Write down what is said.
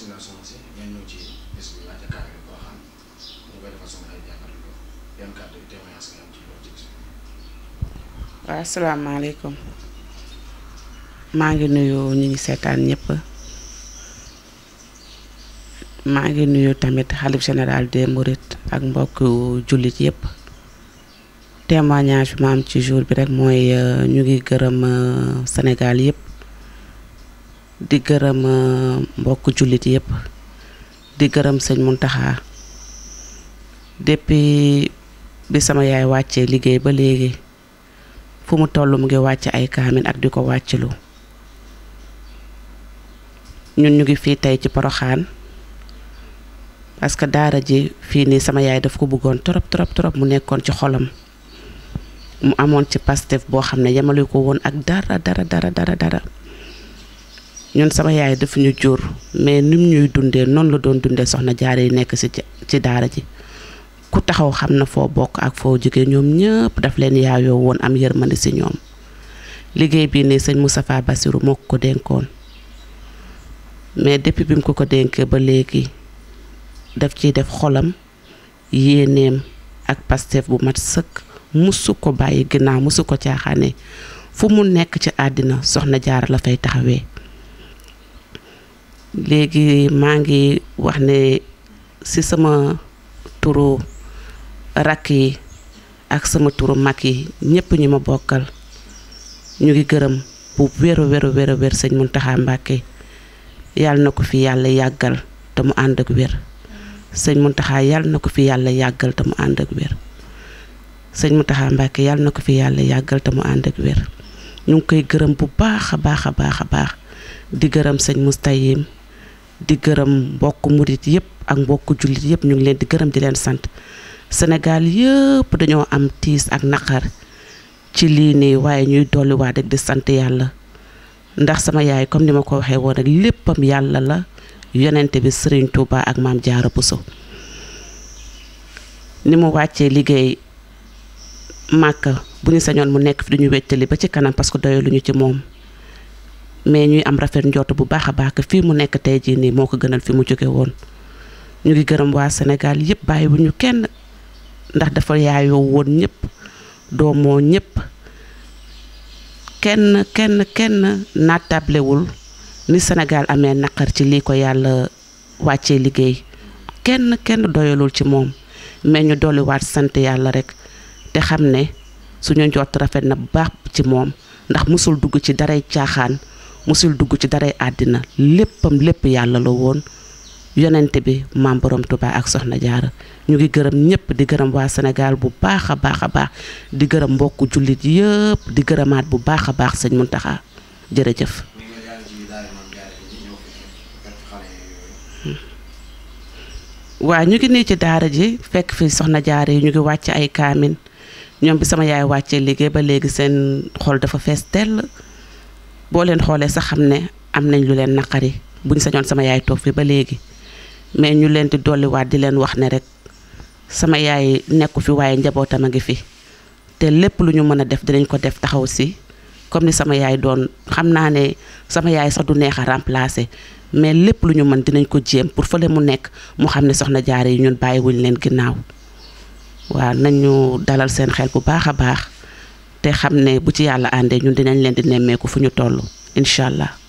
suñu la soxna maa ngi nuyu ñu ngi seetaan ñëpp maa ngi nuyu tamit xalif général des Mourides ak mbokku jullit yépp témoignage ci jour bi rek mooy euh, ñu ngi gërëm euh, Sénégal yëpp. di gërëm euh, mbokk jullit yépp di gërëm sëñ Muntaxa depuis bi sama yaay wàccee liggéey ba léegi fu mu toll mu ngi wàcc ay kaamin ak di ko wàccilu ñun ñu ngi fii tey ci Poroxaan parce que daara ji fii nii sama yaay daf ko bëggoon trop trop trop mu nekkoon ci xolam mu amoon ci Pastef boo xam ne yemalu ko woon ak dara dara dara dara dara ñun sama yaay daf ñu jur mais nim ñuy dundee noonu la doon dundee soxna jaare yi nekk ci ci daara ji ku taxaw xam na foo bokk ak foo jóge ñoom ñëpp daf leen yaayoo woon am yërmande si ñoom liggéey bii ne sëñ Moustapha Bassirou moo ko ko dénkoon mais depuis bi mu ko ko dénkee ba léegi daf ciy def xolam yéeneem ak Pastef bu mat sëkk musu ko bàyyi ginnaaw musu ko caaxaane fu mu nekk ci àddina soxna jaara la fay taxawee léegi maa ngi wax ne si sama turu rakk yi ak sama turu mag yi ñépp ñu ma bokkal ñu ngi gërëm bu wér a wér a wér a wér sëñ Mbàkke yàlla na ko fi yàlla yàggal te mu ànd ak wér sëñ Muntaxa yàlla na ko fi yàlla yàggal te mu ànd ak wér sëñ Muntaxa Mbàkke yàlla na ko fi yàlla yàggal te mu ànd ak wér ñu ngi koy gërëm bu baax a baax a baax a baax di gërëm sëñ Mustayim di gërëm mbokk murit yëpp ak mbokk jullit yëpp ñu ngi leen di gërëm di leen sant senegal yëpp dañoo am tiis ak naqar ci lii nii waaye ñuy dolliwaat rek di sant yàlla ndax sama yaay comme ni ma ko waxee woon rek léppam yàlla la yonente bi sëriñ Touba ak maam Jaara Bousso ni mu wàccee liggéey màkk bu ñu sañoon mu nekk fi duñu wettali ba ci kanam parce que doyaluñu ci moom mais ñuy am rafet njort bu baax a baax que fii mu nekk tey jii nii moo ko gënal fi mu jóge woon ñu ngi gërëm waa Sénégal yëpp bàyyi bu ñu kenn ndax dafa yaayoo woon ñëpp doomoo ñëpp kenn kenn kenn naatablewul ni Sénégal amee naqar ci lii ko yàlla wàccee liggéey kenn kenn doyalul ci moom mais ñu dolliwaat sant yàlla rek te xam ne suñu njort rafet na baax ci moom ndax musul dugg ci daray caaxaan musul dugg ci daray àddina léppam lépp yàlla la woon yonente bi maam borom Touba ak soxna jaara ñu ngi gërëm ñëpp di gërëm waa Sénégal bu baax a baax a baax di gërëm mbokku jullit yëpp di gërëmaat bu baax a baax sëñ Muntaxa jërëjëf. waaw ñu ngi nii ci daara ji fekk fi soxna jaara yi ñu ngi wàcc ay kaamin ñoom bi sama yaay wàccee liggéey ba léegi seen xol dafa fees tell boo leen xoolee sax xam ne am nañ lu leen naqari buñ sañoon sama yaay toog fi ba léegi mais ñu leen di dolliwaat di leen wax ne rek sama yaay nekku fi waaye njabootam a ngi fi te lépp lu ñu mën a def dinañ ko def taxaw si comme ni sama yaay doon xam naa ne sama yaay sax du neex a remplacer mais lépp lu ñu mën dinañ ko jéem pour fële mu nekk mu xam ne soxna jaare yi ñun bàyyiwuñ leen ginnaaw waaw nañ ñu dalal seen xel bu baax a baax te xam ne bu ci yàlla àndee ñun dinañ leen di nemmeeku fu ñu toll incha allah.